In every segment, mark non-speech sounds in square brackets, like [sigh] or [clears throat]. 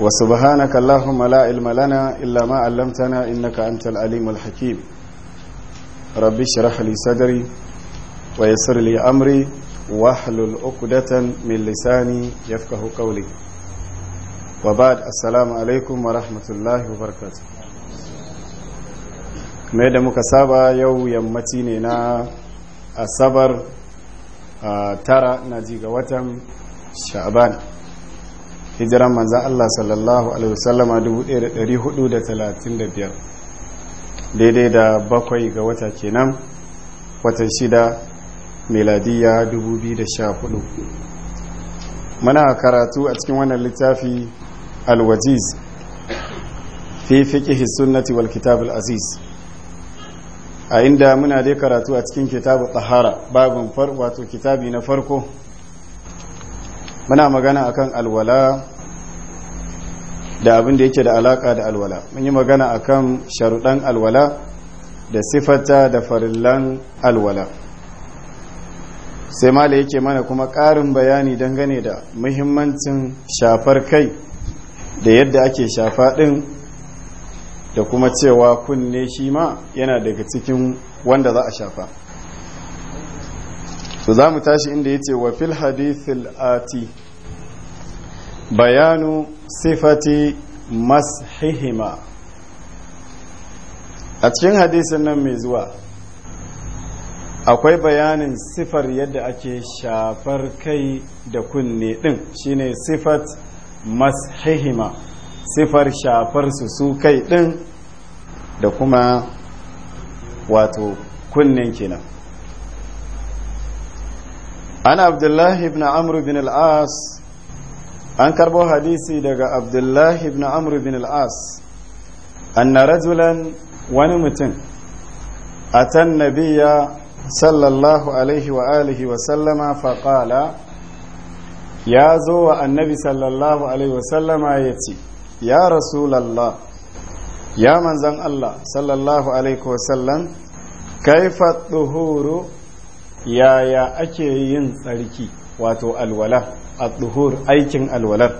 وسبحانك اللهم لا علم لنا إلا ما علمتنا إنك أنت العليم الحكيم ربي اشرح لي صدري ويسر لي أمري واحلل عقدة من لساني يفقه قولي وبعد السلام عليكم ورحمة الله وبركاته mai da muka saba yau yammaci ne na asabar tara na ji ga watan sha'ban hijiran manzan Allah sallallahu alaihi wasallama 1435 daidai da bakwai ga wata kenan watan shida meladiya 2014 muna karatu a cikin wannan littafi alwajiz fi fiƙihi sunnati wal kitab aziz a inda muna dai karatu a cikin kitabu tsahara babin farko wato kitabi na farko muna magana akan alwala da abin da yake da alaka da alwala mun yi magana akan sharuɗan alwala da sifata da farillan alwala sai mala yake mana kuma ƙarin bayani dangane da muhimmancin shafar kai da yadda ake shafa ɗin da kuma cewa kunne shi ma yana daga cikin wanda za a shafa to za mu tashi inda yace wa fil hadithil ati bayanu sifati mashihima a cikin hadisin nan mai zuwa akwai bayanin sifar yadda ake shafar kai da kunne din shine sifat mashihima sifar shafar su su kai din da kuma wato kunnen kenan ana abdullahi ibn amr bin al-as an karbo hadisi daga abdullahi ibn amr bin al-as anna rajulan wani mutum atan nabiya sallallahu alaihi wa alihi wa sallama faqala ya zo wa annabi sallallahu alaihi wa sallama ya ce ya rasulallah ya manzan allah sallallahu alaihi wa sallam kaifa tuhuru yaya ake yin tsarki wato alwala a duhur aikin alwalar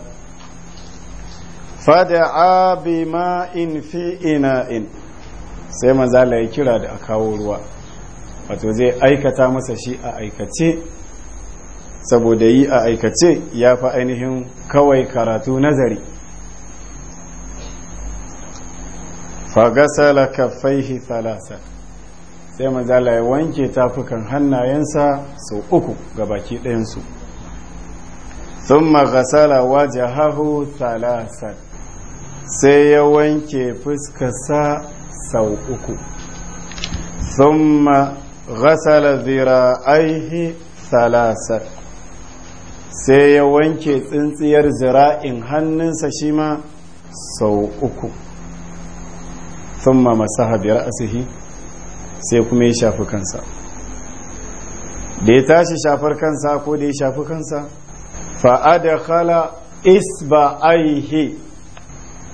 fada'a in fi ina'in sai manzala ya kira da a kawo ruwa wato zai aikata masa shi a aikace saboda yi a aikace ya fi ainihin kawai karatu nazari fagasala kaffaihi thalasa sai manzala ya wanke tafukan hannayensa sau uku ga baki ɗayansu sun magasala waje hahu talasar sai ya wanke fuskarsa sau uku sun magasala zira'aihi talasar sai ya wanke tsintsiyar zira'in hannunsa shi ma sau uku sun ma masaha biyar asihi sai kuma ya shafi kansa da ya tashi shafar kansa ko da ya shafi kansa fa'ada khala isba aihe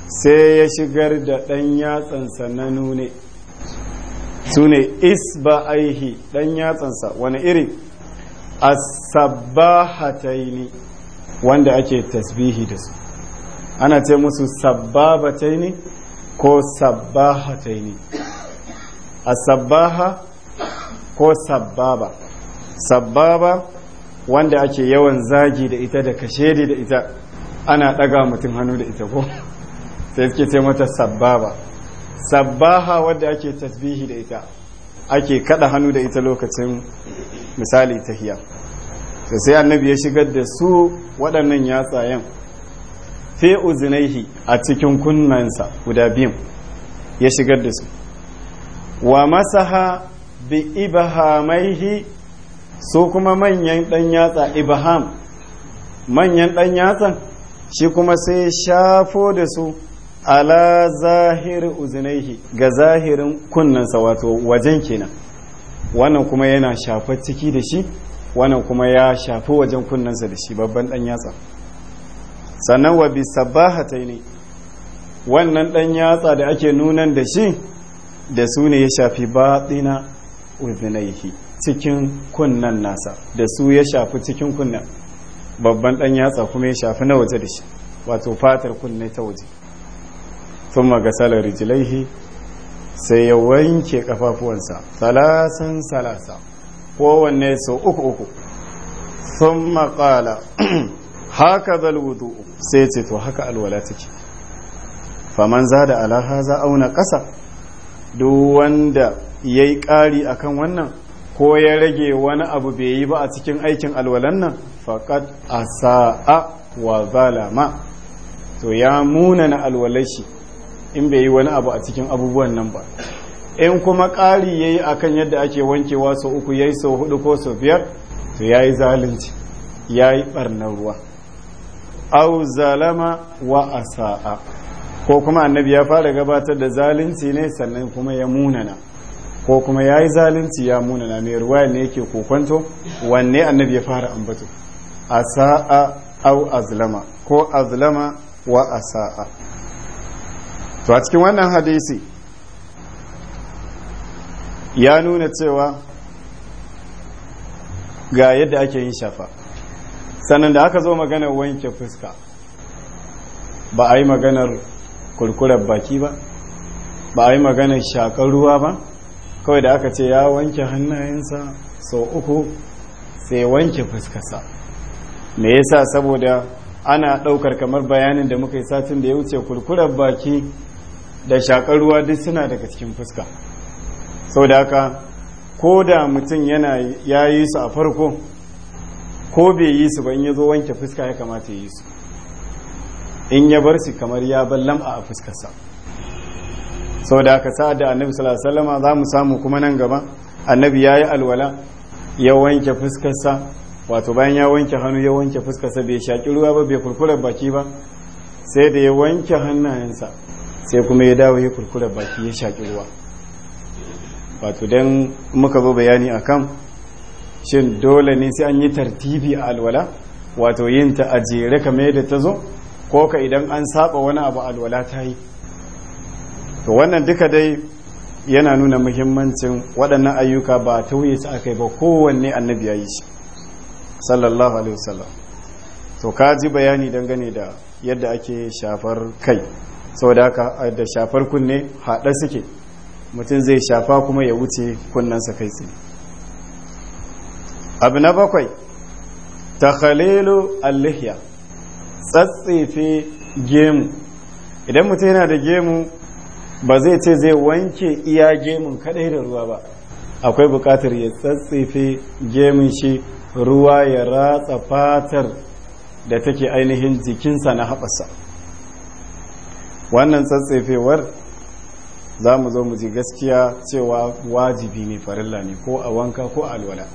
sai ya shigar da ɗan yatsansa na nune su ne isba aihe ɗan yatsansa wani iri asabahataini wanda ake tasbihi da su ana ce musu sababataini ko sabba sabahataini asabbaha sabbaha ko sabbaba sabbaba wanda ake yawan zagi da ita da kashedi da ita ana daga mutum hannu da ita ko sai suke ce mata sabbaba sabbaha wadda ake tasbihi da ita ake kada hannu da ita lokacin misali tahiya to sai annabi ya shigar da su waɗannan yatsayen fi uzinaihi a cikin kunnansa guda biyun ya shigar da su wa masaha bi ibahamaihi su kuma manyan ɗan yatsa ibaham manyan ɗan yatsan shi kuma sai shafo da su ala zahiri uzunaihi ga zahirin kunnensa wato wajen kenan wannan kuma yana shafa ciki da shi wannan kuma ya shafi wajen kunnensa da shi babban ɗan yatsa sannan wa bi wannan ɗan yatsa da ake nunan da shi da su ne ya shafi baɗina uzinaihi cikin kunnan nasa da su ya shafi cikin kunnan babban ɗan yatsa kuma ya shafi na waje da shi wato fatar kunne ta waje sun salar rijilaihi sai ya wanke kafafuwansa salasan salasa kowanne sau uku uku sun maƙala [clears throat] haka zalwudu sai ce to haka alwala take faman za da alaha za auna ƙasa duk wanda ya yi ƙari a kan wannan ko ya rage wani abu bai yi ba a cikin aikin alwalan nan faƙat a sa'a wa zalama to ya muna munana alwalashi in bai yi wani abu a cikin abubuwan nan ba in kuma ƙari ya yi a kan yadda ake wankewa sau uku ya yi sau hudu ko sau biyar to ya yi zalunci ya yi ɓarnar ruwa au wa a sa'a ko kuma annabi ya fara gabatar da zalunci ne sannan kuma ya munana ko kuma ya yi zalunci ya munana mai ruwaya ne yake kokonto wanne annabi ya fara ambato a sa'a au azlama ko azlama wa a sa'a to a cikin wannan hadisi ya nuna cewa ga yadda ake yin shafa sannan da aka zo maganar wanke fuska ba a yi maganar kurkurar baki ba ba a yi maganar shakar ruwa ba kawai da aka ce ya wanke hannayensa sau uku sai wanke fuskasa. me yasa saboda ana ɗaukar kamar bayanin da muka yi satin da ya wuce kurkurar baki da shakar ruwa duk suna daga cikin fuska sau da haka ko da mutum yana ya yi su a farko ko bai yi su in ya zo wanke fuska ya kamata ya yi su in ya bar su kamar ya bar lam'a a fuskarsa sau da aka sa da annabi salama za mu samu kuma nan gaba annabi ya yi alwala ya wanke fuskarsa wato bayan ya wanke hannu ya wanke fuskarsa bai shaƙi ruwa ba bai kurkurar baki ba sai da ya wanke hannayensa sai kuma ya dawo ya kurkurar baki ya shaƙi ruwa wato don muka zo bayani a kan shin dole ne sai an yi tartibi a alwala wato yin ta a jere kamar yadda ta zo ko ka idan an saba wani abu alwala ta yi to wannan duka dai yana nuna muhimmancin waɗannan ayyuka ba a wuye su aka yi ba kowanne annabi ya yi shi sallallahu alaihi wasallam to ka ji bayani dangane da yadda ake shafar kai saboda haka da shafar kunne haɗa suke mutum zai shafa kuma ya wuce kunnensa kai tsaye abu na bakwai takhalilu al tsatsefe gemu idan mutum yana da gemu ba zai ce zai wanke iya gemun kadai da ruwa ba akwai bukatar ya tsatsefe gemun shi ruwa ya ratsa fatar da take ainihin jikinsa na haɓasa wannan tsatsefewar za mu zo mu ji gaskiya cewa wajibi ne farilla ne ko a wanka ko alwala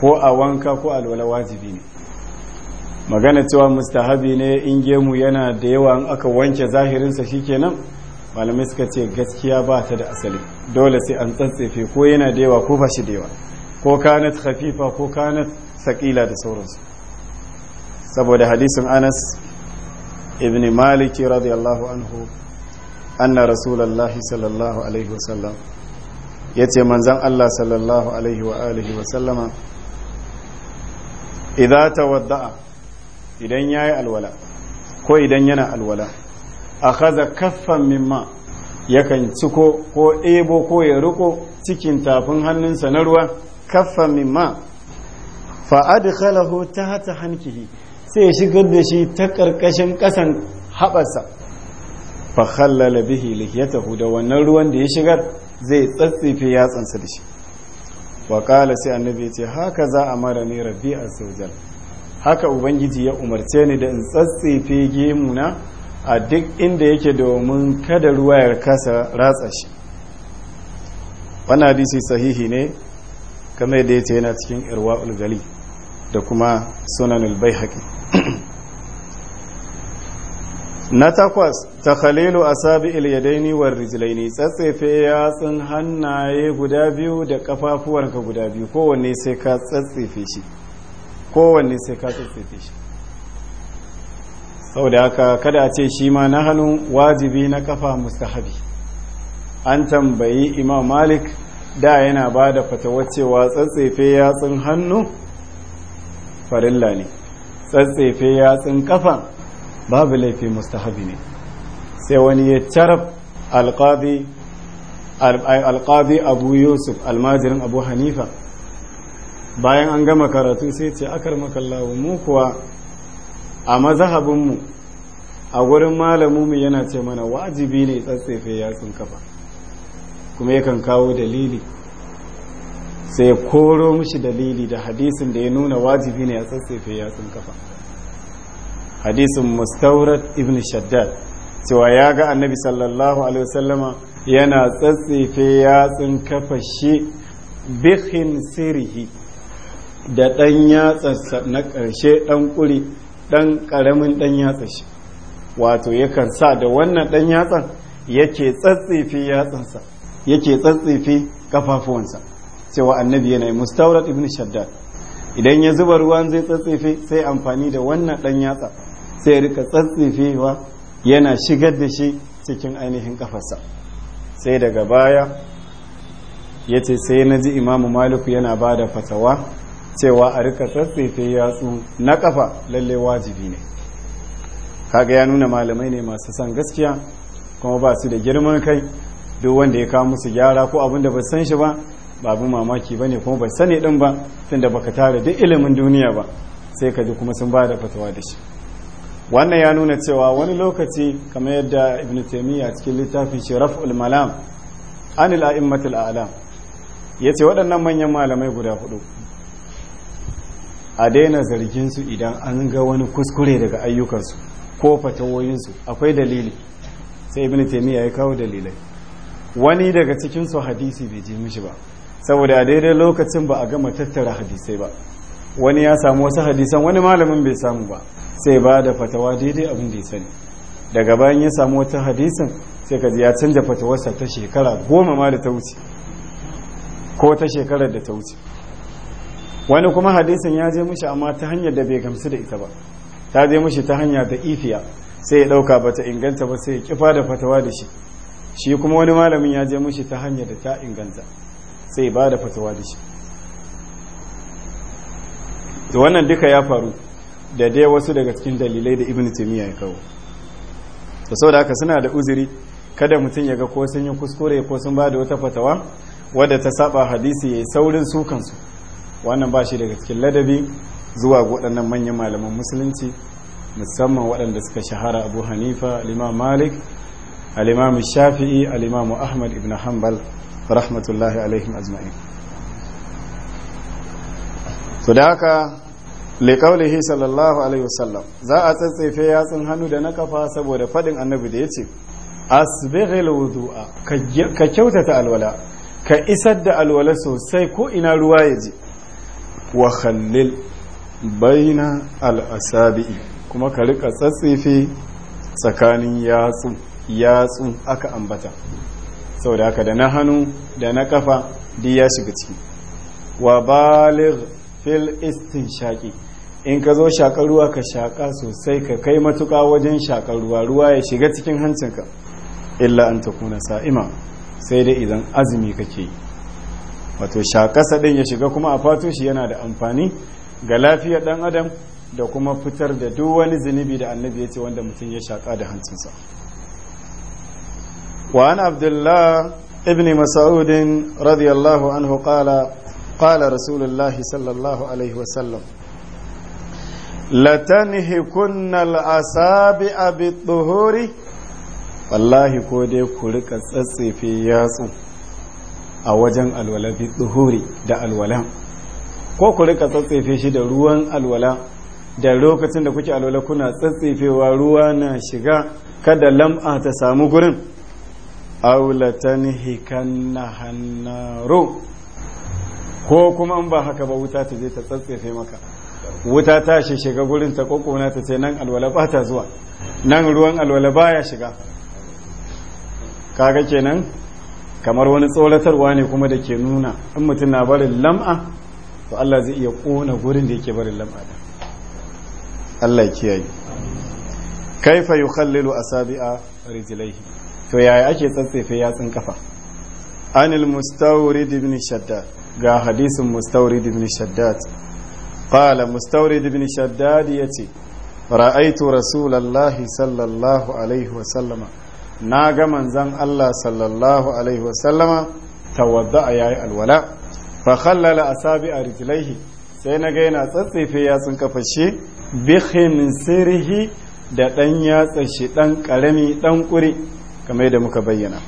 ko a wanka ko alwala wajibi ne magana cewa mustahabi ne in gemu yana da yawa in aka wanke zahirinsa shikenan malamai suka ce gaskiya ba ta da asali dole sai an tsantsefe ko yana da yawa ko ba shi da yawa ko kanat khafifa ko kanat sakila da sauransu saboda hadisin anas ibn maliki radiyallahu anhu anna rasulullahi sallallahu alaihi wasallam yace manzon manzan allah sallallahu alaihi wa alihi wasallama idza wadda'a idan ya yi alwala ko idan yana alwala a kaza kaffan mimma yakan ciko ko ebo ko ya riko cikin tafin hannunsa na ruwa kaffan mimma fa'adkhalahu ta hata hankihi sai ya shigar da shi ta ƙarƙashin ƙasan haɓarsa fa khallala bihi lihiyatahu da wannan ruwan da ya shigar zai tsatsife yatsansa da shi wa sai annabi ya ce haka za a mara ne rabbi sojan. haka ubangiji ya umarce ni da in tsatsefe gemuna a duk inda yake domin kada ruwa ya kasa ratsa shi wannan hadisi sahihi ne kama yadda ya ce yana cikin irwa ulgali da kuma sunan ulbai haƙi [clears throat] na takwas ta khalilu a sabi ilyadaini war rijilaini tsatsefe yatsun hannaye guda biyu da kafafuwarka guda biyu kowanne sai ka tsatsefe shi kowanne sai ka tsitsefe shi sau da haka kada a ce shi ma na hannu wajibi na kafa mustahabi an tambayi imam malik da yana ba da fatawar cewa tsatsefe yatsun hannu farilla ne tsatsefe yatsun kafa babu laifi mustahabi ne sai wani ya carab alƙadi abu yusuf almajirin abu hanifa bayan an gama karatu sai ce akar lawo mu kuwa a mazahabinmu a gurin mu yana ce mana wajibi ne tsatsefe yatsun kafa kuma yakan kawo dalili sai koro mishi dalili da hadisin da ya nuna wajibi ne a tsatsefe yatsun kafa hadisin mustaurat ibn shaddad cewa ya ga annabi sallallahu alaihi wasallama yana tsatsefe yatsun kafa shi bihin sirihi da ɗan yatsarsa na ƙarshe ɗan ƙuri ɗan ƙaramin ɗan yatsa shi wato yakan sa da wannan ɗan yatsan yake tsatsifi yatsansa yake tsatsifi ƙafafuwansa cewa annabi yana yi mustaurat ibn shaddad idan ya zuba ruwan zai tsatsifi sai amfani da wannan ɗan yatsa sai rika wa yana shigar da shi cikin ainihin ƙafarsa sai daga baya ya ce sai na ji imamu maliku yana ba da fatawa cewa a rika sassefe yatsu na kafa lalle wajibi ne kaga ya nuna malamai ne masu san gaskiya kuma ba su da girman kai duk wanda ya kawo musu gyara ko abin da ba san shi ba ba abin mamaki ba ne kuma ba sani din ba tunda baka tara duk ilimin duniya ba sai ka ji kuma sun ba da fatawa da shi wannan ya nuna cewa wani lokaci kamar yadda ibn taimiyya cikin littafin shi raf'ul malam anil a'immatul a'lam yace waɗannan manyan malamai guda hudu a daina zargin su idan an ga wani kuskure daga ayyukansu ko fatawoyinsu akwai dalili sai ibn taymiya ya kawo dalilai wani daga cikinsu hadisi bai je mishi ba saboda a daidai lokacin ba a gama tattara hadisai ba wani ya samu wasu hadisan wani malamin bai samu ba sai ba da fatawa daidai abin da ya sani daga bayan ya samu wata hadisan sai ka ya canja fatawarsa ta shekara goma ma da ta wuce ko ta shekarar da ta wuce wani kuma hadisin ya je mushi amma ta hanyar da bai gamsu da ita ba ta je mushi ta hanya da ifiya sai ya dauka bata inganta ba sai ya kifa da fatawa da shi shi kuma wani malamin ya je mushi ta hanyar da ta inganta sai ya bada fatawa da shi to wannan duka ya faru da dai wasu daga cikin dalilai da ibn timiya ya kawo to saboda haka suna da uzuri kada mutum ya ga ko sun yi kuskure ko sun bada wata fatawa wadda ta saba hadisi ya yi saurin su kansu wannan ba shi daga cikin ladabi zuwa waɗannan manyan malaman musulunci musamman waɗanda suka shahara abu hanifa al'imam malik al'imam shafi'i al'imam ahmad ibn hanbal rahmatullahi alaihim azma'in to da haka liƙaulihi sallallahu alaihi wasallam za a tsatsefe yatsun hannu da na kafa saboda faɗin annabi da ya ce asbighil wudu'a ka kyautata alwala ka isar da alwala sosai ko ina ruwa ya je wa khallil baina al'asabi'i kuma ka rika tsatsefe tsakanin yatsu aka ambata sau da haka da na hannu da na kafa duk ya shiga ciki wa baligh fil istinshaqi in ka zo shakar ruwa ka shaka sosai ka kai matuƙa wajen shakar ruwa ruwa ya shiga cikin hancinka illa an takuna sa'ima sai dai idan azumi kake yi wato shakasa ɗin ya shiga kuma a fato shi yana da amfani ga lafiyar ɗan adam da kuma fitar da duk wani zunubi da annabi ya ce wanda mutum ya shaka da hancinsa wa an abdullah ibn mas'ud radiyallahu anhu qala qala rasulullah sallallahu alaihi wasallam latanhikunna al-asabi'a bi wallahi ko dai ku rika tsatsefe yatsu a wajen alwala bi tsuhuri da alwala ko ku rika tsatsefe shi da ruwan alwala da lokacin da kuke alwala kuna tsatsefewa ruwa na shiga kada lam'a ta samu gurin aulatan na hannaro ko kuma an ba haka ba wuta ta je ta tsatsefe maka wuta ta shi shiga gurin ta kokona ta ce nan alwala ba ta zuwa nan ruwan alwala baya shiga kaga kenan kamar wani tsoratarwa ne kuma da ke nuna in mutum na barin lam'a to Allah zai iya kona gurin da yake barin lam'a da Allah ya kiyaye kaifa yukhallilu asabi'a rijlaihi to yaya ake tsatsefe yatsun kafa anil mustawrid ibn shaddad ga hadisin mustawrid ibn shaddad qala mustawrid ibn shaddad yace ra'aytu rasulallahi sallallahu alaihi wa sallama na ga manzan Allah sallallahu alaihi wasallama tawadda a yayi alwala fa khallala asabi a rijlaihi sai na ga yana tsatsefe yatsun kafashe bi sirhi da ɗan yatsa shi ɗan ƙarami ɗan ƙuri kamar da muka bayyana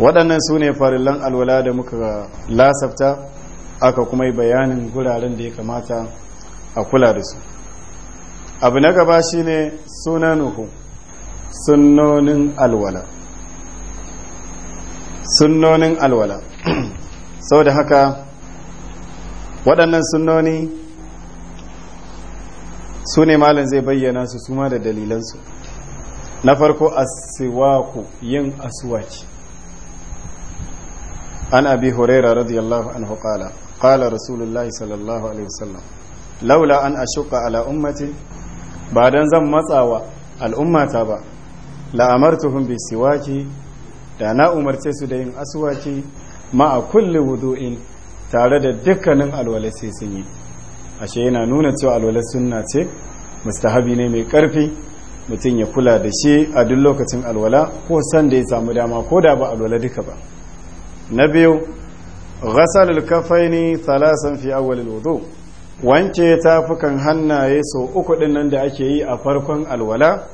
waɗannan su ne farillan alwala da muka lasafta aka kuma yi bayanin guraren da ya kamata a kula da su abu na gaba shine hukum sunnonin alwala sunnonin alwala [clears throat] sau da haka waɗannan sunnoni su ne malin zai bayyana su suma da dalilansu na farko asiwaku yin asuwaci an abi huraira radiyallahu anhu qala qala rasulullahi sallallahu alaihi wasallam laula an ashuqa ala ummati ba dan zan matsawa al'ummata ba la'amartuhum bi siwaki da na umarce su da yin aswaki ma a kulli wudu'in tare da dukkanin alwala sai sun yi ashe yana nuna cewa alwala sunna ce mustahabi ne mai karfi mutum ya kula da shi a duk lokacin alwala ko san da ya samu dama ko da ba alwala duka ba na biyu ghasalul kafaini thalasan fi awwalil wudu wanke tafukan hannaye so uku din nan da ake yi a farkon alwala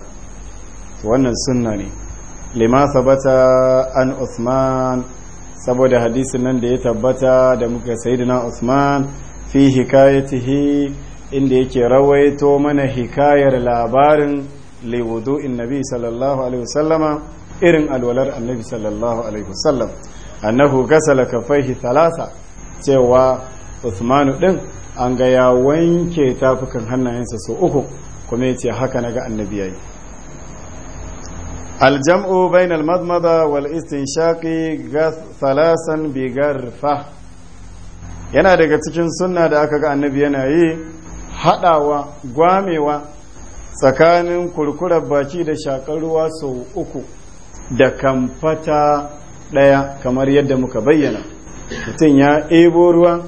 wannan sunna ne lima sabata an Usman saboda hadisin nan da ya tabbata da muka sayyidina Usman fi hikayatihi inda yake rawaito mana hikayar labarin in nabi sallallahu alaihi wasallama irin alwalar annabi sallallahu alaihi wasallam annahu gasala kafaihi thalatha cewa usmanu din an ga ya wanke tafukan hannayensa sau uku kuma yace haka naga annabi yayi الجمع بين المضمضة والاستنشاق ثلاثا بغرفة yana daga cikin sunna da aka ga annabi yana yi haɗawa gwamewa tsakanin kurkurar baki da shakar ruwa sau uku da kamfata ɗaya kamar yadda muka bayyana mutum ya ebo ruwa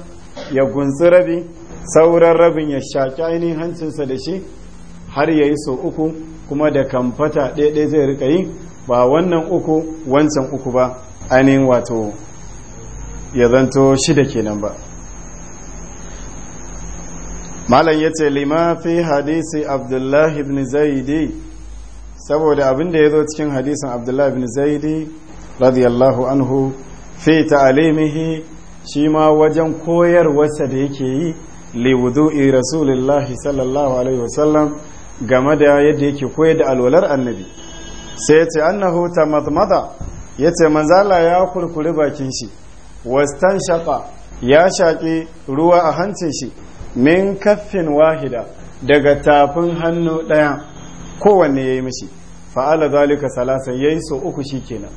ya gunsi rabi sauran rabin ya shaƙi ainihin hancinsa da shi har ya yi sau uku kuma da kamfata ɗaiɗai zai rika yi ba wannan uku wancan uku ba ainihin wato ya zanto shida kenan ba malam ya ce lima fi hadisi abdullahi ibn zaidi saboda abin da ya zo cikin hadisin abdullahi ibn zaidi radiyallahu anhu fi ta'alimihi shi ma wajen koyarwarsa da yake yi liwudu'i rasulullahi sallallahu alaihi wasallam game da yadda yake koyar da alwalar annabi sai ya ce annahu tamadmada ya ce manzala ya kurkuri bakin shi wastan shaka ya shaƙi ruwa a hancin shi min kaffin wahida daga tafin hannu ɗaya kowanne ya yi mishi fa'ala zalika salasa ya yi so uku shi kenan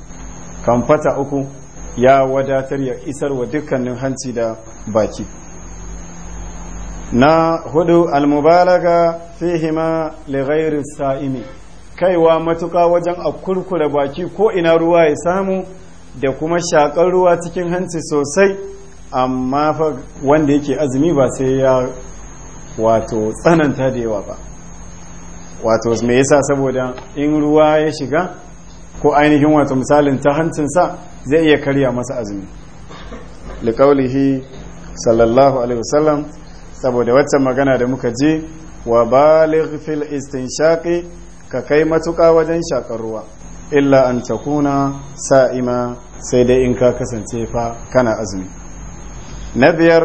kamfata uku ya wadatar ya isar wa dukkanin hanci da baki na hudu almubalaga fihima lighairi sa'imi kaiwa matuka wajen a kurkure baki ko ina ruwa ya samu da kuma shakar ruwa cikin hanci sosai amma fa wanda yake azumi ba sai ya wato tsananta da yawa ba wato me yasa saboda in ruwa ya shiga ko ainihin wato misalin ta hancin sa zai iya karya masa azumi liƙaulihi sallallahu alaihi wasallam saboda waccan magana da muka je wa baligh fil istinshaqi ka kai matuƙa wajen shakar ruwa illa an takuna sa'ima sai dai in ka kasance fa kana azumi na biyar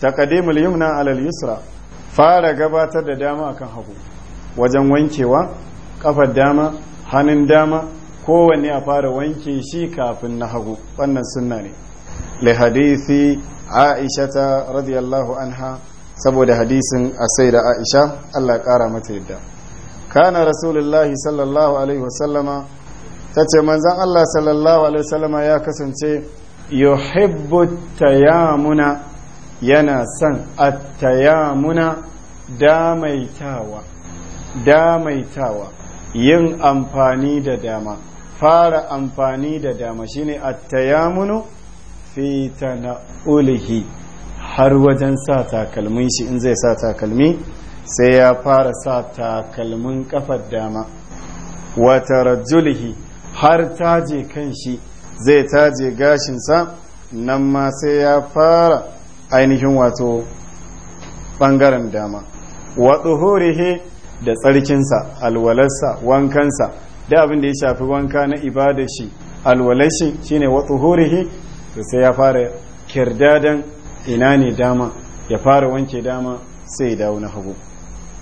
taqdimul yumna alal yusra fara gabatar da dama akan hagu wajen wankewa kafar dama hannun dama kowanne a fara wanke shi kafin na hagu wannan sunna ne li hadisi aisha radiyallahu anha saboda hadisin asai da aisha allah kara mata yadda kana rasulullahi sallallahu alaihi wasallama ta ce manzan allah sallallahu alaihi wasallama ya kasance yuhibbu tayamuna yana son attayamuna damaitawa damaitawa yin amfani da dama fara amfani da dama shine attayamunu fi tana'ulihi har wajen sa takalmin shi in zai sa takalmi sai ya fara sa takalmin kafar dama wata rajulihi har taje kan shi zai taje gashinsa nan ma sai ya fara ainihin wato bangaren dama wa tsohorihe da tsarkinsa alwalarsa wankansa da abin da ya shafi wanka na ibada shi alwalashi shine wa tsohorihe sai ya fara kirdadan ina ne dama ya fara wanke dama sai ya dawo na hagu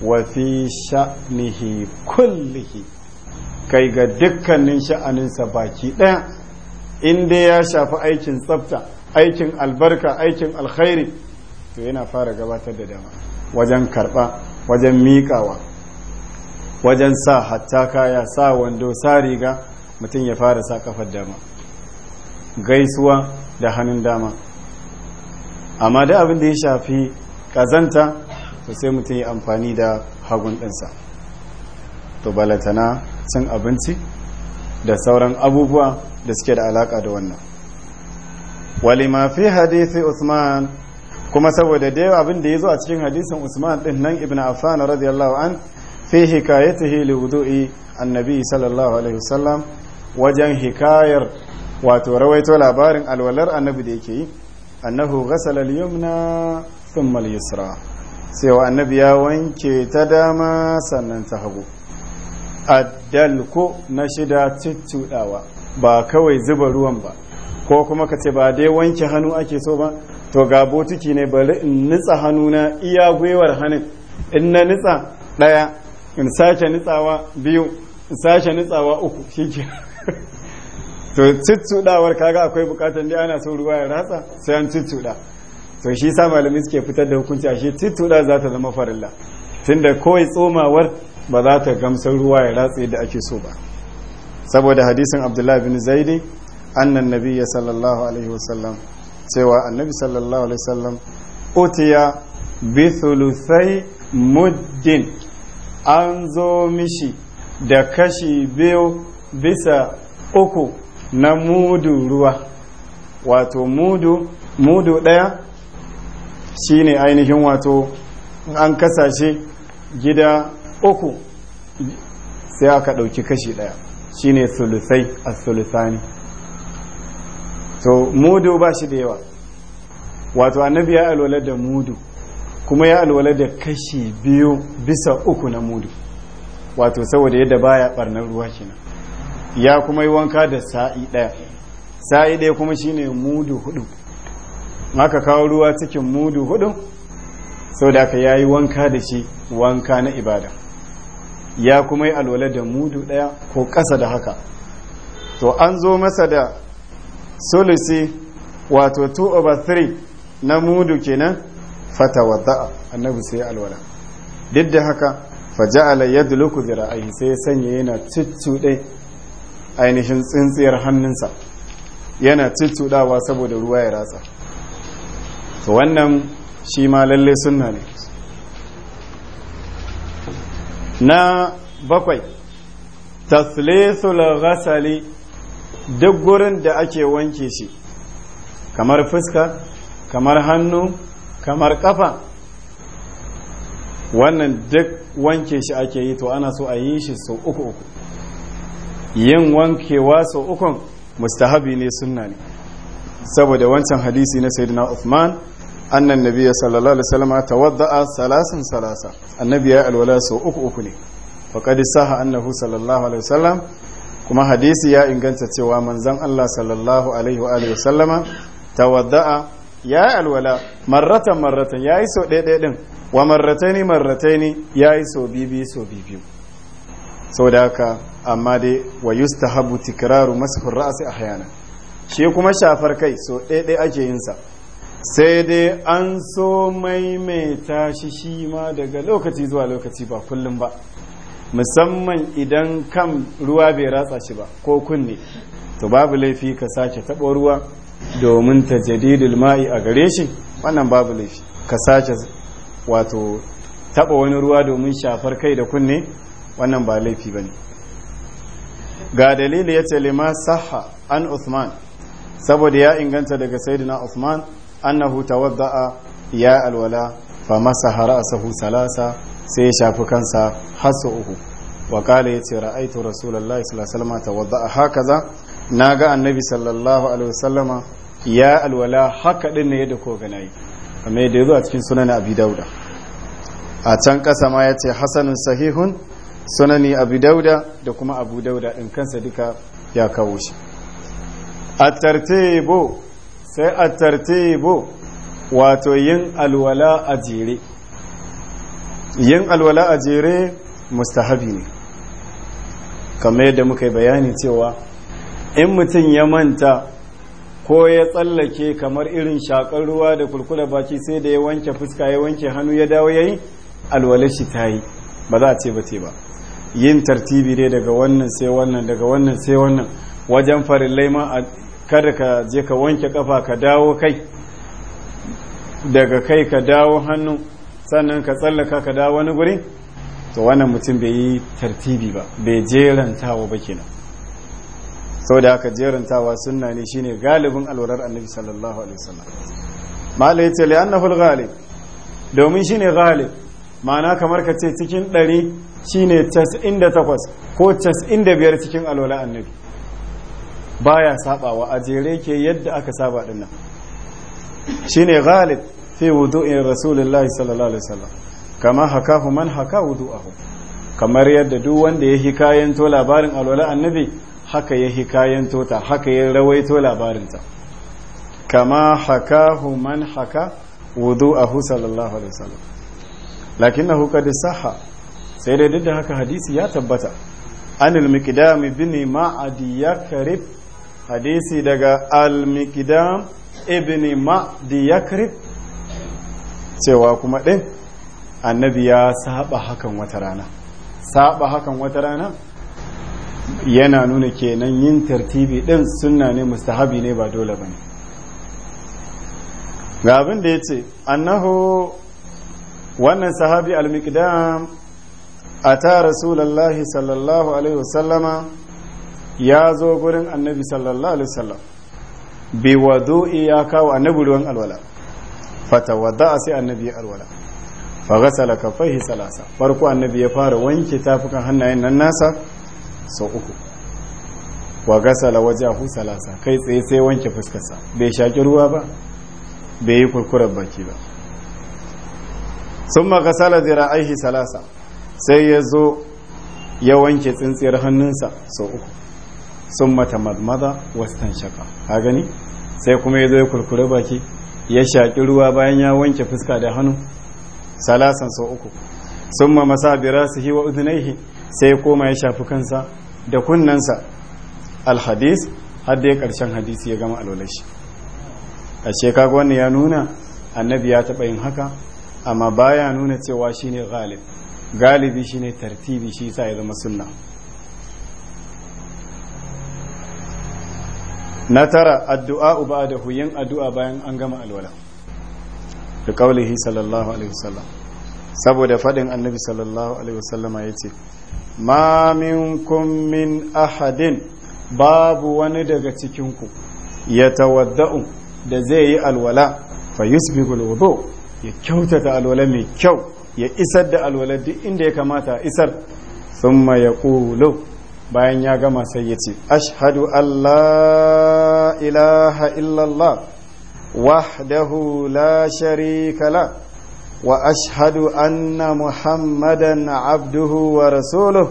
wa fi sha'nihi kullihi kai ga dukkanin sha'aninsa baki ɗaya inda ya shafi aikin tsafta aikin albarka aikin alkhairi to yana fara gabatar da dama wajen karɓa wajen miƙawa wajen sa hatta kaya sa wando sa riga mutum ya fara sa kafar dama gaisuwa da hannun dama amma da abin da ya shafi kazanta to sai mutum yi amfani da hagun ɗinsa to balatana cin abinci da sauran abubuwa da suke da alaka da wannan walima fi hadisi usman kuma saboda da yawa abin da ya zo a cikin hadisin usman ɗin nan ibn affan radiyallahu an fi hikayatihi hili wudu'i annabi sallallahu alaihi wasallam wajen hikayar wato rawaito labarin alwalar annabi da yake yi annahu ghasala al-yumna thumma al-yusra wa annabi ya wanke ta dama sannan ta hagu addalku na shida tuttudawa ba kawai zuba ruwan ba ko kuma ka ce ba dai wanke hannu ake so ba to ga botiki ne bari in nitsa hannuna iya gwewar hannun in na nitsa ɗaya in sake nitsawa biyu in sake nitsawa uku shi [laughs] to ciccudawar kaga akwai bukatar da ana son ruwa ya ratsa sai an ciccuda to shi sa malami suke fitar da hukunci a shi ciccuda za ta zama farilla tunda kawai tsomawar ba za ta gamsar ruwa ya ratsa yadda ake so ba saboda hadisin abdullahi bin zaidi annan ya sallallahu alaihi wasallam cewa annabi sallallahu alaihi wasallam utiya bi thuluthai muddin an zo mishi da kashi biyu bisa uku na mudu ruwa wato mudu mudu ɗaya shine ainihin wato an kasashe gida uku sai aka ɗauki kashi ɗaya shine sulusai a sulusani to mudu ba shi da yawa wato annabi ya alwala da mudu kuma ya alwala da kashi biyu bisa uku na mudu wato saboda yadda baya barnar ruwa kenan ya kuma yi wanka da sa'i ɗaya sa'i ɗaya kuma shine mudu hudu maka kawo ruwa cikin mudu hudu sau da aka ya wanka da shi wanka na ibada ya kuma yi alwala da mudu ɗaya ko ƙasa da haka to an zo masa da solusi wato 2 over 3 na mudu kenan fata wadda annabi sai alwala duk da haka faja'ala yadluku ra'ayi sai ya sanya yana cuccuɗe ainihin tsintsiyar hannunsa yana ciccudawa saboda ruwa ya ratsa to wannan shi ma lalle sunna ne na bakwai taslithul ghasali duk gurin da ake wanke shi kamar fuska kamar hannu kamar kafa wannan duk wanke shi ake yi to ana so a yi shi sau uku uku yin wankewa sau ukun mustahabi ne sunna ne saboda wancan hadisi na sayyidina Uthman annan nabiya sallallahu alaihi wasallam tawadda'a salasan salasa annabi ya alwala sau uku uku ne faqad saha annahu sallallahu alaihi wasallam kuma hadisi ya inganta cewa manzon Allah sallallahu alaihi wa alihi wasallama tawadda'a ya alwala marratan marratan yayi sau ɗaya ɗaya din wa marrataini marrataini yayi sau bibi sau bibiyu saboda haka amma dai wa yustahabu tikraru masfin ra'asi hayana shi kuma shafar kai so ɗaya ake yin sa sai dai an so maimaita shi shi ma daga lokaci zuwa lokaci ba kullum ba musamman idan kan ruwa bai ratsa shi ba ko kunne to babu laifi ka sake taɓo ruwa domin ta jadidul ma'i a gare shi wannan babu laifi ka sake wato taɓa wani ruwa domin shafar kai da kunne wannan ba laifi ba ne ga dalili ya ce lima saha an Usman. saboda ya inganta daga sayyidina Uthman annahu tawadda'a ya alwala fa masaha ra'sahu salasa sai ya shafi kansa hasu uku wa qala yace ra'aytu rasulullahi sallallahu alaihi wasallam tawadda'a hakaza naga annabi sallallahu alaihi wasallam ya alwala haka ɗin ne da ko ganayi kamar yadda yazo a cikin sunan abi dauda a can ƙasa ma yace hasanun sahihun sunani abu dauda da kuma abu dauda ɗin kansa duka ya kawo shi a tartebo sai a tartebo wato yin alwala a jere yin alwala a jere mustahabi ne kamar yadda muka yi bayani cewa in mutum ya manta ko ya tsallake kamar irin shakar ruwa da kulkula baki sai da ya wanke fuska ya wanke hannu ya dawo ya yi alwalar shi ta yi ba za a ce ba ce ba yin tartibi ne daga wannan sai wannan daga wannan sai wannan wajen farillai ma kada ka je ka wanke kafa ka dawo kai daga kai ka dawo hannu sannan ka tsallaka ka dawo wani guri to wannan mutum bai yi tartibi ba bai jerantawa ba kenan sau da haka jerantawa sunna ne shine galibin alwarar annabi sallallahu alaihi wasallam malai ce li'annahu al-ghalib domin shine ghalib ma'ana kamar ka ce cikin ɗari shine casa'in da takwas ko casa'in da biyar cikin alwala annabi baya sabawa a jere ke yadda aka saba dinnan shine ghalib fi wudu'in rasulullahi sallallahu alaihi wasallam kama hakahu man haka wudu'ahu kamar yadda duk wanda ya hikayanto labarin alwala annabi haka ya hikayanto ta haka ya rawaito ta kama hakahu man haka wudu'ahu sallallahu alaihi wasallam Lakin hukar da saha sai dai duk da haka hadisi ya tabbata anil miqdam ibn ya karib hadisi daga al miqdam ibn ya karib cewa kuma ɗin annabi ya saba hakan wata rana saba hakan wata rana yana nuna kenan yin tartibi ɗin sunna ne mustahabi ne ba dole ba ne. ga abin da yace annahu wannan sahabi al-miqdam ata rasulullahi sallallahu alaihi wasallama ya zo gurin annabi sallallahu alaihi wasallam bi wadu'i ya kawo annabi ruwan alwala fatawadda sai annabi alwala fa ghasala kaffaihi salasa farko annabi ya fara wanke tafukan hannayen nan nasa sau uku wa gasala wajahu salasa kai tsaye sai wanke fuskarsa bai shaki ruwa ba bai yi kurkurar baki ba sun zira aihi salasa sai ya zo ya wanke tsintsiyar hannunsa sau uku sun mata madmada wastan shaka ka gani sai kuma ya zo ya kurkure baki ya shaƙi ruwa bayan ya wanke fuska da hannu salasan sau uku sun ma masa su wa uzunaihi sai koma ya shafi kansa da kunnansa alhadis har da ya ƙarshen hadisi ya gama alwalashi a shekaru wannan ya nuna annabi ya taɓa yin haka amma baya nuna cewa shine galib galibi shine tartibi shi sa ya zama sunna na tara addu'a uba da huyin addu'a bayan an gama alwala da kaulihi sallallahu alaihi wasallam saboda faɗin annabi sallallahu alaihi wasallama ya ce ma kun min ahadin babu wani daga cikinku ya tawaddaun da zai yi alwala fa yusbigul wudu ya kyautata alwala mai kyau ya isar da alwala duk inda ya kamata isar ya yaqulu bayan ya gama sai ya ce ashhadu allah ilaha illallah wahdahu la sharika la wa ashhadu anna muhammadan abduhu wa rasuluh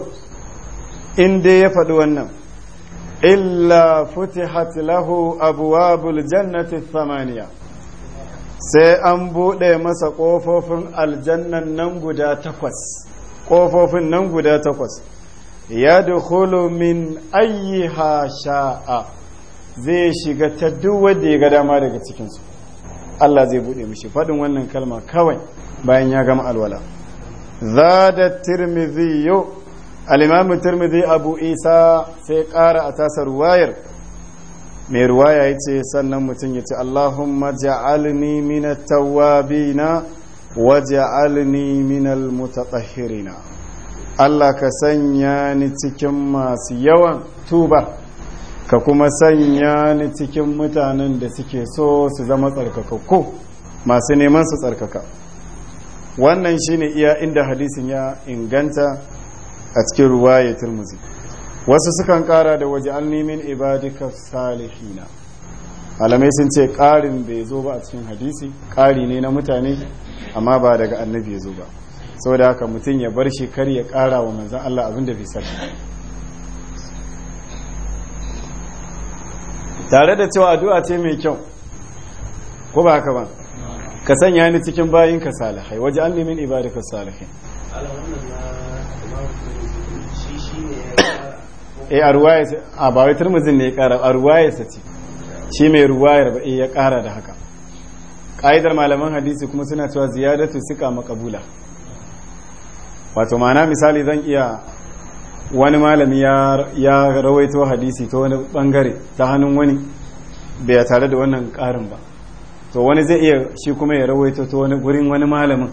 inda ya faɗi wannan illa futihat lahu abwabul jannati samaniya. sai an buɗe masa ƙofofin aljannan nan guda takwas ƙofofin nan guda takwas ya dukulu min ayyiha sha'a zai shiga ta duk wanda ya ga dama daga cikinsu Allah zai buɗe mishi faɗin wannan kalma kawai bayan ya gama alwala Za zada tirmidhi yau alimamin imam tirmidhi abu isa sai ƙara a tasar wayar mai ruwaya ya ce sannan mutum ya ce allahumma ja'alni minat tawwabina wa ja'alni minal mutatahhirina Allah ka sanya ni cikin masu yawan tuba ka kuma sanya ni cikin mutanen da suke so su zama tsarkakakku masu neman su tsarkaka wannan shine iya inda hadisin ya inganta a cikin ruwaya turmuzi. wasu sukan kara da waje an nemin ibadika salihina malamai sun ce karin bai zo ba a cikin hadisi kari ne na mutane amma ba daga annabi ya zo ba sau da haka mutum ya bar shi kar ya kara wa manzan Allah abin da bai tare da cewa addu'a ce mai kyau ko ba haka ba ka sanya ni cikin bayinka salihai waje an nemin ibadika salihai Eh, a ruwaya a bawai turmuzin ne ya kara a ruwaya sa ce shi mai ruwayar ba eh, ya kara da haka ƙa'idar malaman hadisi kuma suna cewa ziyadatu suka makabula wato mana misali zan iya wani malami ya rawaito hadisi ta wani bangare ta hannun wani bai tare da wannan karin ba to wani zai iya shi kuma ya rawaito ta wani gurin wani malamin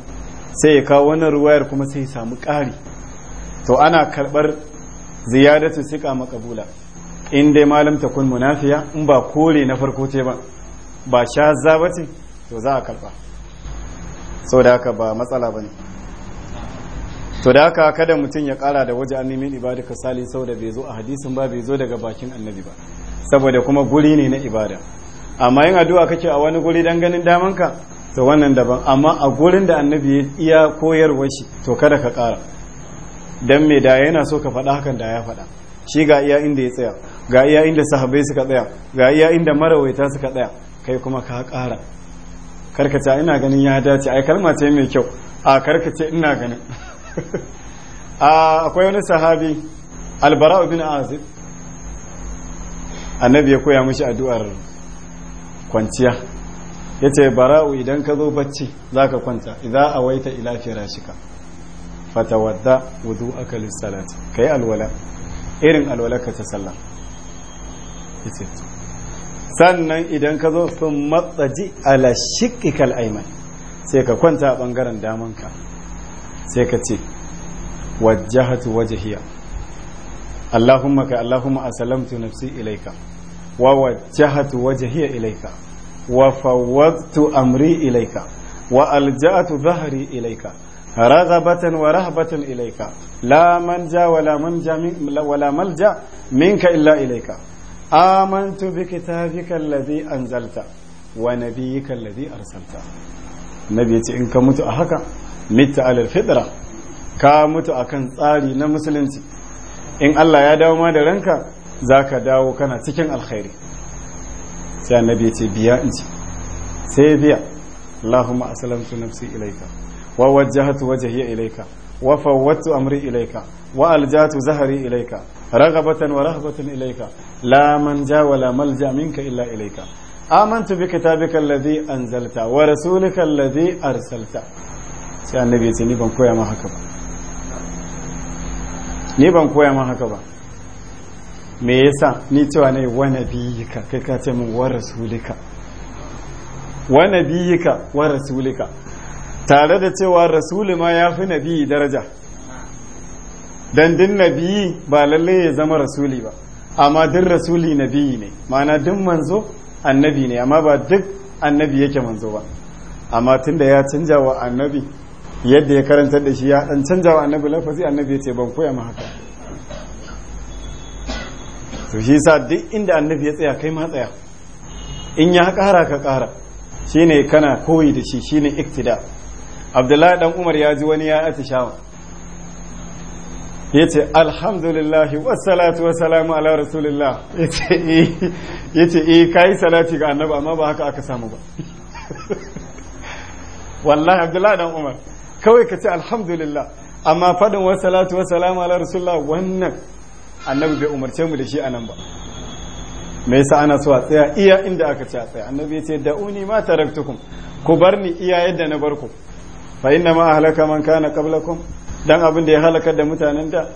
sai ya kawo wannan ruwayar kuma sai ya samu ƙari to ana karɓar ziyadatu sika makabula in dai malam ta kun munafiya in ba kore na farko ce ba ba sha za ba ce to za a karba da haka ba matsala ba ne to da haka kada mutum ya kara da waje annimin ibada ka sali sau da bai zo a hadisin ba bai zo daga bakin annabi ba saboda kuma guri ne na ibada amma yin addu'a kake a wani guri dan ganin damanka to wannan daban amma a gurin da annabi ya iya koyarwa shi to kada ka kara don mai da yana so ka faɗa hakan da ya faɗa shi ga iya inda ya tsaya ga iya inda sahabai suka tsaya ga iya inda marawaita suka tsaya kai kuma ka ƙara karkace ina ganin ya dace ai kalma ce mai kyau a karkace ina ganin [laughs] akwai wani sahabi albara bin azib annabi ya koya mishi addu'ar kwanciya Ya ce bara'u idan ka zo bacci za ka kwanta idza awaita ila firashika fatawadda wudu aka lissalati ka yi alwala irin alwala ka ta sallah sannan idan ka zo sun matsaji ala shikikal aiman sai ka kwanta a ɓangaren damanka sai ka ce wajahatu wajahiya allahumma ka allahumma asalamtu nafsi ilaika wa wajahatu wajahiya ilaika wa fawwadtu amri ilaika wa alja'atu dhahri ilaika رغبة ورهبة إليك لا منجا ولا منجا ولا ملجا منك إلا إليك آمنت بكتابك الذي أنزلت ونبيك in ka mutu a haka أحكا مت على الفطرة كمت أكن tsari na musulunci in Allah ya dawo ma da ranka zaka dawo kana cikin alkhairi sai annabi ya ce biya in ce sai biya Allahumma aslamtu nafsi ilaika wa wajjahatu wajhiya ilayka wa fawwadtu amri ilayka wa aljatu zahri ilayka raghabatan wa rahbatan ilayka la manja wa malja minka illa ilayka amantu bi kitabika alladhi anzalta wa rasulika alladhi arsalta sai annabi ya ni ban koya ma haka ba me yasa ni kai wa wa tare da cewa rasuli ma ya fi nabi daraja don din nabi ba lalle ya zama rasuli ba amma duk rasuli nabi ne ma'ana duk manzo annabi ne amma ba duk annabi yake manzo ba amma tunda ya canja wa annabi yadda ya karanta da shi ya dan canja wa annabi lafazi annabi ya ce ban koya ma haka to shi sa duk inda annabi ya tsaya kai ma tsaya in ya kara ka kara shine kana koyi da shi shine iktida abdullahi dan umar ya ji wani ya atishawa ya ce alhamdulillahi wassalatu wassalamu ala rasulillah ya ce eh, eh yi salati ga annabi amma ba haka aka samu ba wallahi abdullahi dan umar kawai ka ce alhamdulillah amma faɗin wassalatu wassalamu ala rasulillah wannan annabi bai umarce mu da shi anan ba me yasa ana so a tsaya iya inda aka ce a tsaya annabi ya ce da'uni ma taraktukum ku bar ni iya yadda na bar ku fa inna ma ahlaka man kana qablakum dan abin da ya halaka da mutanen da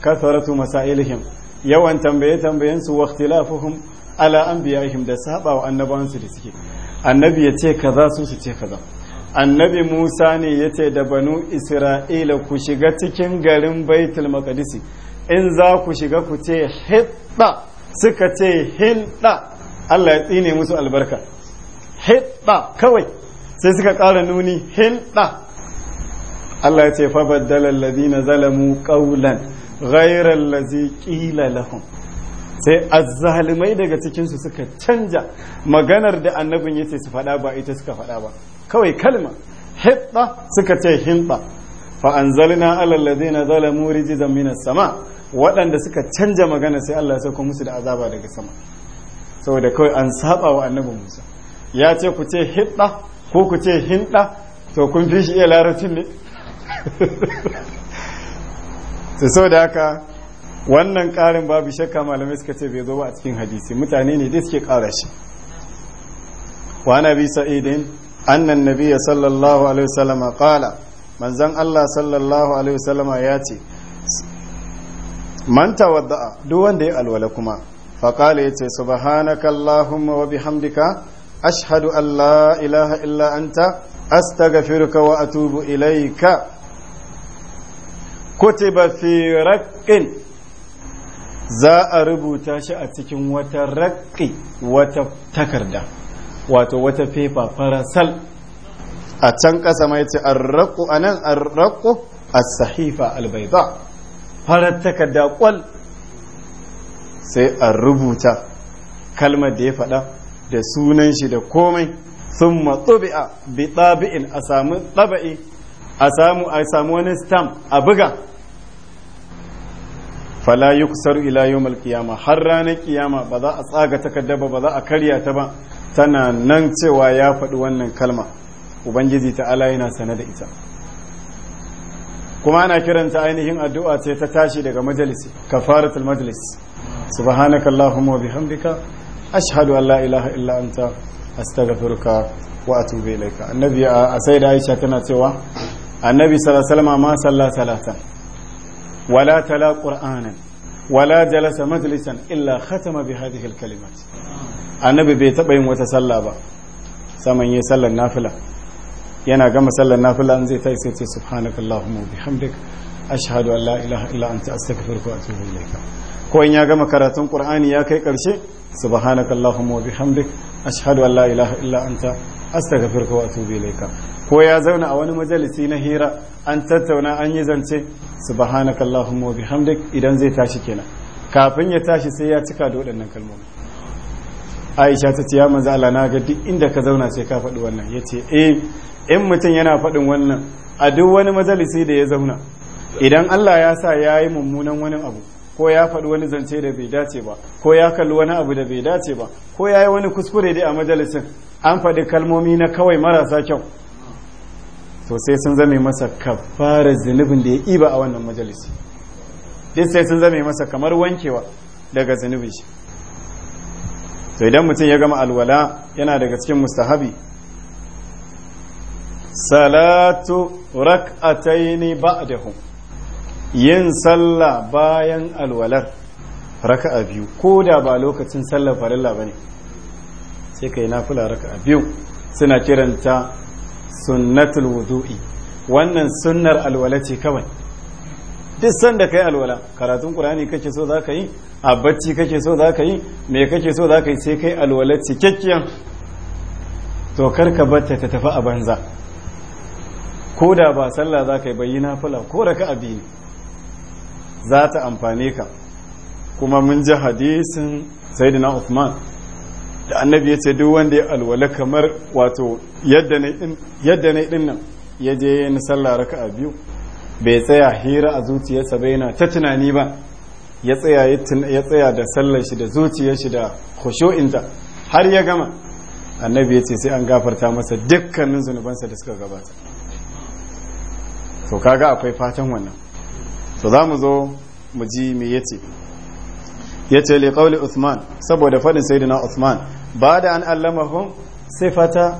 kasaratu masailihim yawan tambaye tambayen su waqtilafuhum ala anbiya'ihim da saba wa annabawansu da suke annabi ya ce kaza su su ce kaza annabi Musa ne ya ce da banu Isra'ila ku shiga cikin garin Baitul maqdis in za ku shiga ku ce hidda suka ce hilda Allah ya tsine musu albarka hidda kawai sai suka ƙara nuni hilda Allah ya ce fa baddala alladhina zalamu qawlan ghayra allazi qila lahum sai azzalimai daga cikin su suka canja maganar da annabin yace su faɗa ba ita suka faɗa ba kawai kalma hitta suka ce hinta fa anzalna ala alladhina zalamu rijzan minas sama waɗanda suka canja magana sai Allah ya sauko musu da azaba daga sama saboda kawai an saba wa annabin Musa ya ce ku ce hitta ko ku ce hinda to kun fi shi iya larabcin ne su so da haka wannan ƙarin babu shakka malamai suka ce bai zo ba a cikin hadisi mutane ne dai suke ƙara shi wa an sa'idin annan nabiyya sallallahu alaihi wasallama qala manzan Allah sallallahu alaihi wasallama ya ce wadda a duk wanda ya alwala kuma fa qala yace subhanaka allahumma wa bihamdika ashhadu an la ilaha illa anta astaghfiruka wa atubu ka. kutiba fi raƙin za a rubuta shi a cikin wata raƙi wata takarda wato wata fefa farasal a can ƙasa mai ce arraƙo a nan arraƙo a sahifa albaiba farar takarda ƙwal sai a rubuta kalmar da ya faɗa da sunan shi da komai sun matsubi'a bi ɗabi'in a sami ɗaba'i a samu a samu wani stam a buga fala yuksaru ila yawmal har ranar kiyama ba za a tsaga takarda ba ba za a karya ta ba tana nan cewa ya faɗi wannan kalma ubangiji ala yana sane da ita kuma ana kiranta ainihin addu'a ce ta tashi daga majalisi kafaratul majlis allahumma wa bihamdika ashhadu an la ilaha illa anta astaghfiruka wa atubu laika annabi a sai da aisha tana cewa annabi sallallahu ma salla talatan wala tala qur'anan wala jalasa majlisan illa khatama bi hadhihi kalimat annabi bai taba yin wata salla ba saman yi sallar nafila yana gama sallar nafila an zai tashi sai ce subhanakallahumma bihamdik ashhadu an la ilaha illa anta astaghfiruka wa atubu ilayka ko in ya gama karatun qur'ani ya kai karshe subhanakallahumma wa bihamdik ashhadu an la ilaha illa anta astaghfiruka wa atubu ilayka ko ya zauna a wani majalisi na hira an tattauna an yi zance subhanakallahumma wa bihamdik idan zai tashi kenan kafin ya tashi sai ya cika da waɗannan kalmomi aisha ta ce ya manzo Allah na ga duk inda ka zauna sai ka faɗi wannan yace eh in mutum yana faɗin wannan a duk wani majalisi da ya zauna idan Allah ya sa ya yi mummunan wani abu ko ya faɗi wani zance da bai dace ba ko ya kalli wani abu da bai dace ba ko ya yi wani kuskure dai a majalisin an faɗi kalmomi na kawai marasa kyau Sosai sai sun zame masa kafara zunubin da ya iba a wannan majalisi duk sai sun zame masa kamar wankewa daga zunubin shi to idan mutum ya gama alwala yana daga cikin mustahabi salatu rak'ataini ba'dahum yin sallah bayan alwalar raka'a biyu ko da ba lokacin sallar farilla ne? sai kai raka raka'a biyu suna kiranta sunnatul wudu'i wannan sunnar alwala ce kawai duk sanda kai alwala karatun qur'ani kake so zaka yi a bacci kake so zaka yi me kake so zaka yi sai kai alwala cikakkiyan to ka bata ta tafi a banza ko da ba sallah zaka yi bayyana fula ko raka'a biyu za ta amfane ka kuma mun ji hadisin Saidina Uthman da annabi ya ce duk wanda ya alwala kamar wato yadda na din nan ya je ya yi sallah raka'a biyu bai tsaya hira a zuciyarsa bai na ta tunani ba ya tsaya da sallar shi da zuciyar shi da khushu'inta har ya gama annabi ya ce sai an gafarta masa dukkanin zunubansa da suka gabata to kaga akwai fatan wannan to za mu zo mu ji me yace yace li qawli Uthman saboda fadin sayyidina Uthman ba da an allamahum sifata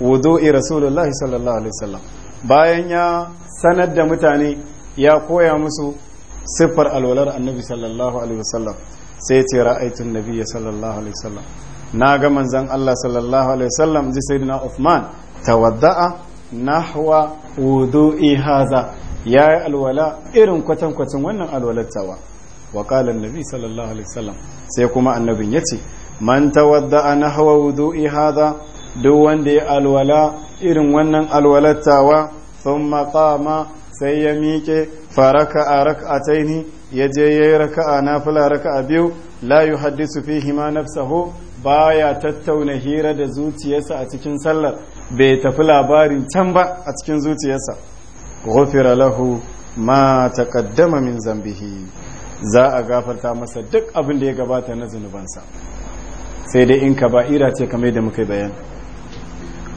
wudu'i rasulullahi sallallahu alaihi wasallam bayan ya sanar da mutane ya koya musu siffar alwalar annabi sallallahu alaihi wasallam sai ce ra'aitun nabiyya sallallahu alaihi wasallam na ga manzon Allah sallallahu alaihi wasallam ji sayyidina Uthman tawadda'a nahwa wudu'i haza ya yi alwala irin kwatankwacin wannan alwalattawa wa kalan nabi sallallahu alaihi wasallam sai kuma annabin ya ce man tawadda na hawa wudu'i hada duk wanda ya alwala irin wannan alwalattawa sun maƙama sai ya miƙe faraka a raka'ataini ya je ya yi raka'a na raka raka'a biyu layu yu haddisu fi hima nafsahu ya tattauna hira da zuciyarsa a cikin sallar bai tafi labarin can ba a cikin zuciyarsa غفر له ما تقدم من ذنبه za a gafarta masa duk abin da ya gabata na zunubansa sai dai in ka ira ce kamar yadda muka bayan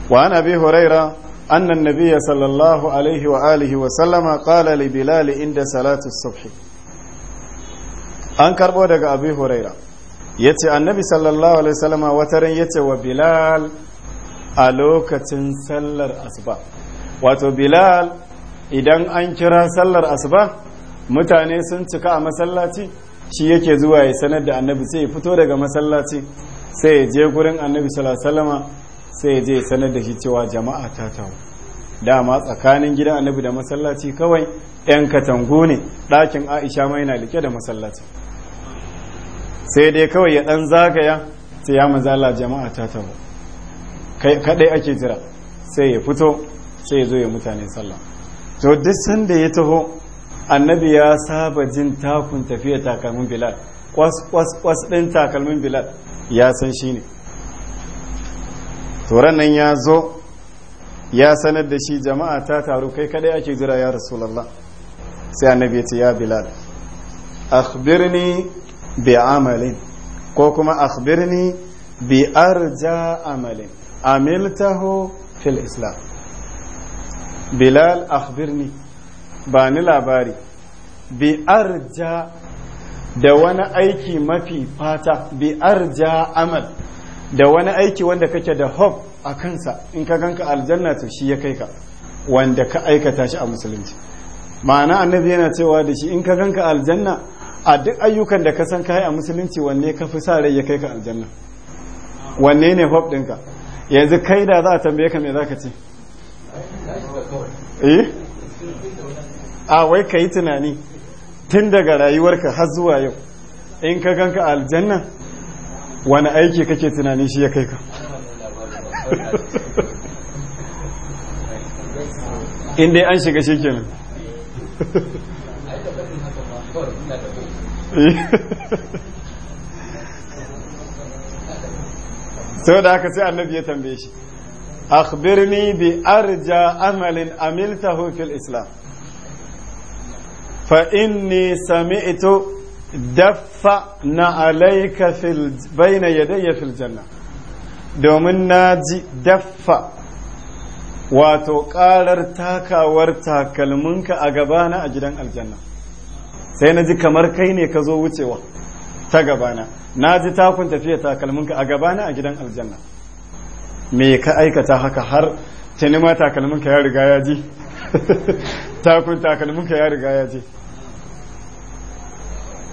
wa ana bi huraira annan nabiya sallallahu alaihi wa alihi wa sallama qala li bilal inda salatu subhi an karbo daga abi huraira yace annabi sallallahu alaihi wasallama ya yace wa bilal a lokacin sallar asuba wato bilal idan an kira sallar asuba mutane sun cika a masallaci shi yake zuwa ya sanar da annabi sai ya fito daga masallaci sai ya je gurin annabi salama sai ya je ya sanar da shi cewa jama'a ta tawo dama tsakanin gidan annabi da masallaci kawai 'yan katangu ne ɗakin aisha mai na like da masallaci sai dai kawai ya ɗan zagaya sai ya mazala jama'a ta tawo kaɗai ake jira sai ya fito sai ya zo ya mutane sallah to duk sanda ya taho annabi ya saba jin takun tafiya takalmin bilal kwas kwas kwas din takalmin bilal ya san shi ne to nan ya zo ya sanar da shi jama'a ta taru kai kadai ake jira ya rasulullah sai annabi ya ce ya bilal akhbirni bi amalin ko kuma akhbirni bi arja amalin amiltahu fil islam bilal akhbirni ba ni labari bi arja da wani aiki mafi fata bi arja amal da wani aiki wanda kake da hope a kansa in ka ganka aljanna to shi ya kai ka wanda ka aikata shi a musulunci ma'ana annabi yana cewa da shi in ka ganka aljanna a duk ayyukan da ka san kai a musulunci wanne ka fi sa rai ya kai ka aljanna wanne ne hope ɗinka yanzu kai da za a tambaye ka me za ka ce eh a wai ka yi tunani tun daga rayuwarka har zuwa yau in ka ganka a aljanna wani aiki kake tunani shi ya kai ka [laughs] in an shiga shi kenan sau da aka sai annabi ya tambaye shi أخبرني بأرجى عمل عملته في الإسلام فإني سمعت دفعن عليك في ال... بين ya في الجنة domin na ji daffa wato ƙarar takawar takalminka a gabana a gidan aljanna sai na ji kamar kai ne ka zo wucewa ta gabana na ji takun tafiya takalminka a gabana a gidan aljanna me ka aikata haka har tuni ma takalminka ya riga ya ji takun takalminka ya riga ya ji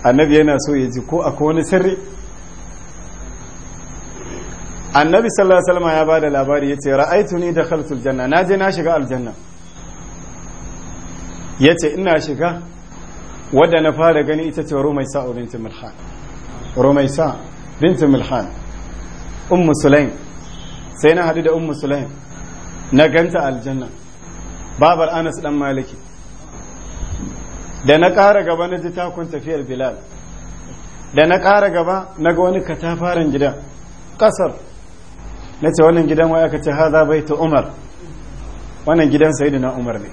annabi yana so ya ji ko akwai wani sirri annabi sallallahu alaihi wasallam ya bada labari yace ra'aitu ni dakhaltul janna naje na shiga aljanna yace ina shiga wadda na fara gani ita ce rumaisa bint milhan rumaisa bint milhan ummu sulaim sai na hadu da ummu sulaim na ganta aljanna babar anas dan maliki da na ƙara gaba na ji takun tafiyar bilal da na ƙara gaba na ga wani katafaren gida ƙasar na ce wannan gidan waya ka ce haza bai ta umar wannan gidan sai na umar ne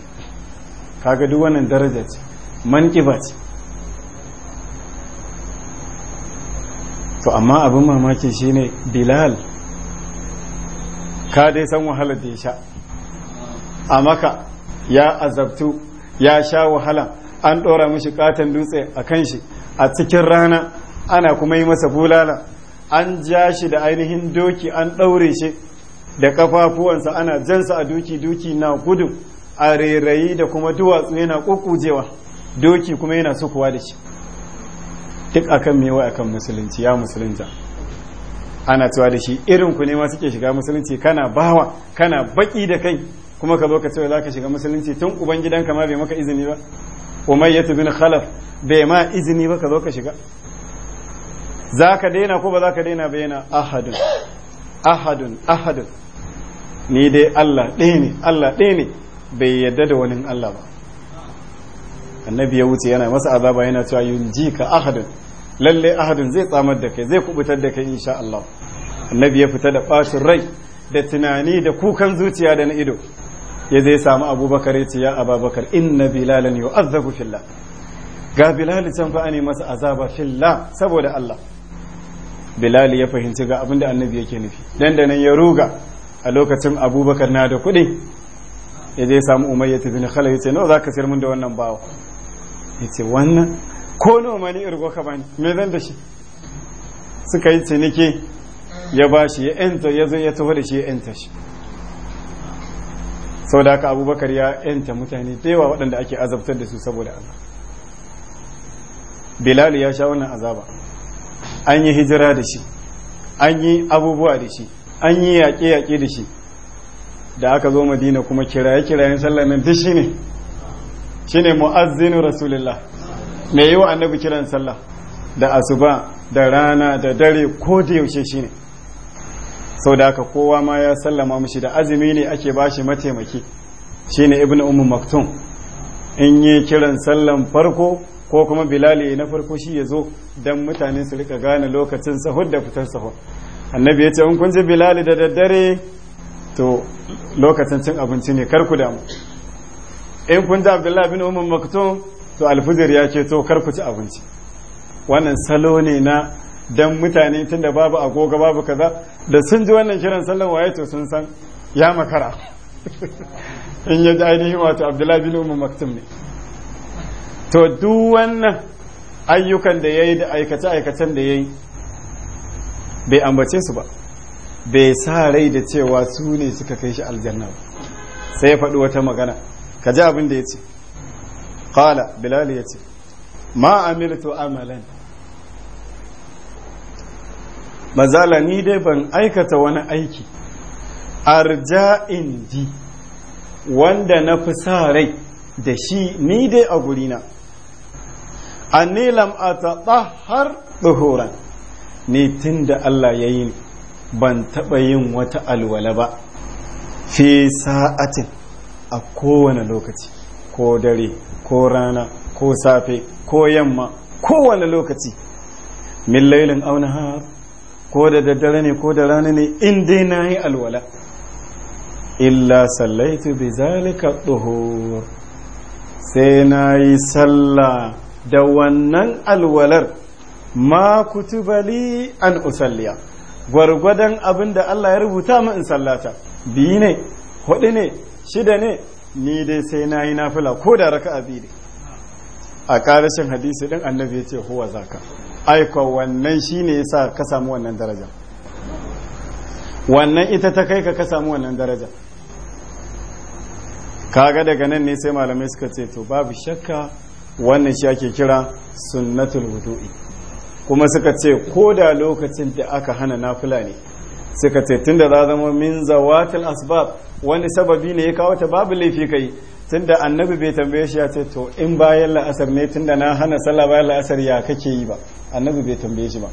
kaga duk wannan daraja ce ce to amma abin mamaki shine bilal ka dai san wahalar da ya sha a maka ya azabtu ya sha wahala an ɗora mashi katon dutse a kan shi a cikin rana ana kuma yi masa bulala an ja shi da ainihin doki an ɗaure shi da ƙafafuwansa ana jansa a duki-duki na gudu a rairayi da kuma duwatsu yana ƙuƙujewa doki kuma yana sukuwa da shi duk akan mewa akan musulunci ya musulunta ana cewa da shi irin ku ne ma suke shiga musulunci kana bawa kana baki da kai kuma ka zo ka ce za ka shiga musulunci tun uban ka ma bai maka izini ba umayyatu bin khalaf bai ma izini ba ka zo ka shiga za ka daina ko ba za ka daina ba yana ahadun ahadun ahadun ni dai Allah ɗaya ne Allah ɗaya ne bai yadda da wani Allah ba annabi ya wuce yana masa azaba yana cewa yunji ka ahadun lalle ahadin zai tsamar da kai zai kubutar da kai insha Allah annabi ya fita da bashin rai da tunani da kukan zuciya da na ido ya zai samu abubakar ya ce ya ababakar inna bilalan yu'azzabu fillah ga bilal can fa ne masa azaba fillah saboda Allah bilal ya fahimci ga da annabi yake nufi dan da nan ya ruga a lokacin abubakar na da kuɗi ya zai samu umayyah bin khalid ya ce nawa zaka sayar mun da wannan bawo ya ce wannan ko noma ni irgo ka bani me zan da shi suka yi ciniki ya ba shi ya enta ya zo ya taho da shi ya enta shi sau da haka abubakar ya enta mutane da yawa waɗanda ake azabtar da su saboda Allah bilal ya sha wannan azaba an yi hijira da shi an yi abubuwa da shi an yi yaƙe-yaƙe da shi da aka zo madina kuma kiraye-kirayen sallah nan duk shi ne shi ne mu'azzinu rasulullah me yi wa annabi kiran sallah da asuba da rana da dare ko da yaushe shi ne sau da haka kowa ma ya sallama mushi da azumi ne ake bashi mataimaki shi ne ibn umu maktum in yi kiran sallan farko ko kuma bilali na farko shi ya zo don mutane su rika gane lokacin sahur da fitar sahur annabi ya ce in kun ji bilali da daddare to lokacin cin abinci ne kar ku damu in kun ji abdullahi bin umar maktum to alfuzir ya ce to kar ku ci abinci wannan salo ne na dan mutane tunda babu agoga babu kaza da sun ji wannan kiran sallan waye to sun san ya makara [laughs] in ya ji ainihin wato abdullahi bin umar maktum ne to duk wannan ayyukan da ya yi da aikace-aikacen da ya yi bai ambace su ba bai sa rai da cewa su ne suka kai shi aljanna ba sai ya faɗi wata magana ka ji abin da ya ce qala bilal yace ma amiltu amalan mazala ni dai ban aikata wani aiki arja ji wanda na fi sa rai da shi ni dai a gurina anni lam har duhuran ni tun da Allah ya yi ban taɓa yin wata alwala ba fi sa'atin a kowane lokaci ko dare ko rana ko safe ko yamma kowane lokaci min lailin auna har ko da daddare ne ko da rana ne in dai na yi alwala illa sallaitu bi zalika duhur sai na yi sallah da wannan alwalar ma kutubali an usalliya gwargwadon abin da Allah ya rubuta min in sallata biyu ne hudu ne shida ne ni dai sai na yi nafila ko da raka a biyu a karashin hadisi din annabi ya ce huwa zaka Aiko wannan shi ne ya sa ka samu wannan daraja wannan ita ta kai ka ka samu wannan daraja ga daga nan ne sai malamai suka ce to babu shakka wannan shi ake kira sunnatul wudu'i kuma suka ce ko da lokacin da aka hana nafila ne suka ce da za zama min zawatil asbab wani sababi ne ya kawo ta babu laifi kai da annabi bai tambaye shi ya ce to in bayan la'asar ne tun da na hana sallah bayan la'asar ya kake yi ba annabi bai tambaye shi ba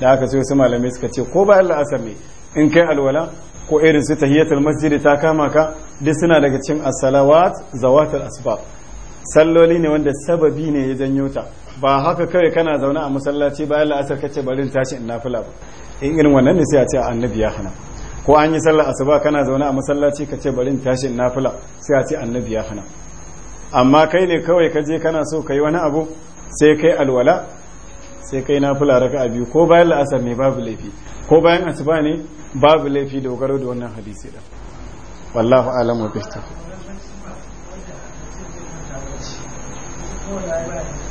da haka sai wasu malamai suka ce ko bayan la'asar ne in kai alwala ko irin su tahiyatul masjidi ta kama ka duk suna daga cin as-salawat zawatul asbab salloli ne wanda sababi ne ya janyo ta ba haka kawai kana zaune a masallaci bayan la'asar kace barin tashi in nafila ba in irin wannan ne sai a ce annabi ya hana ko an yi sallar asuba kana zaune a masallaci ka ce bari in tashi in nafila sai a ce annabi ya hana amma kai ne kawai ka je kana so kai wani abu sai kai alwala sai kai nafila raka biyu ko bayan la'asar ne babu laifi ko bayan asuba ne babu laifi dogaro da wannan hadisi da wallahu alam wa